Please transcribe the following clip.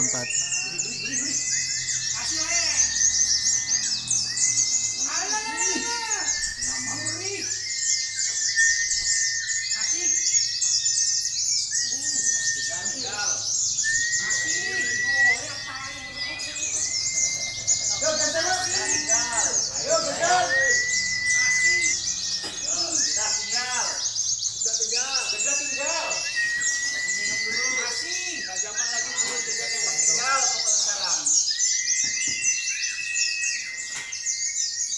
tiga empat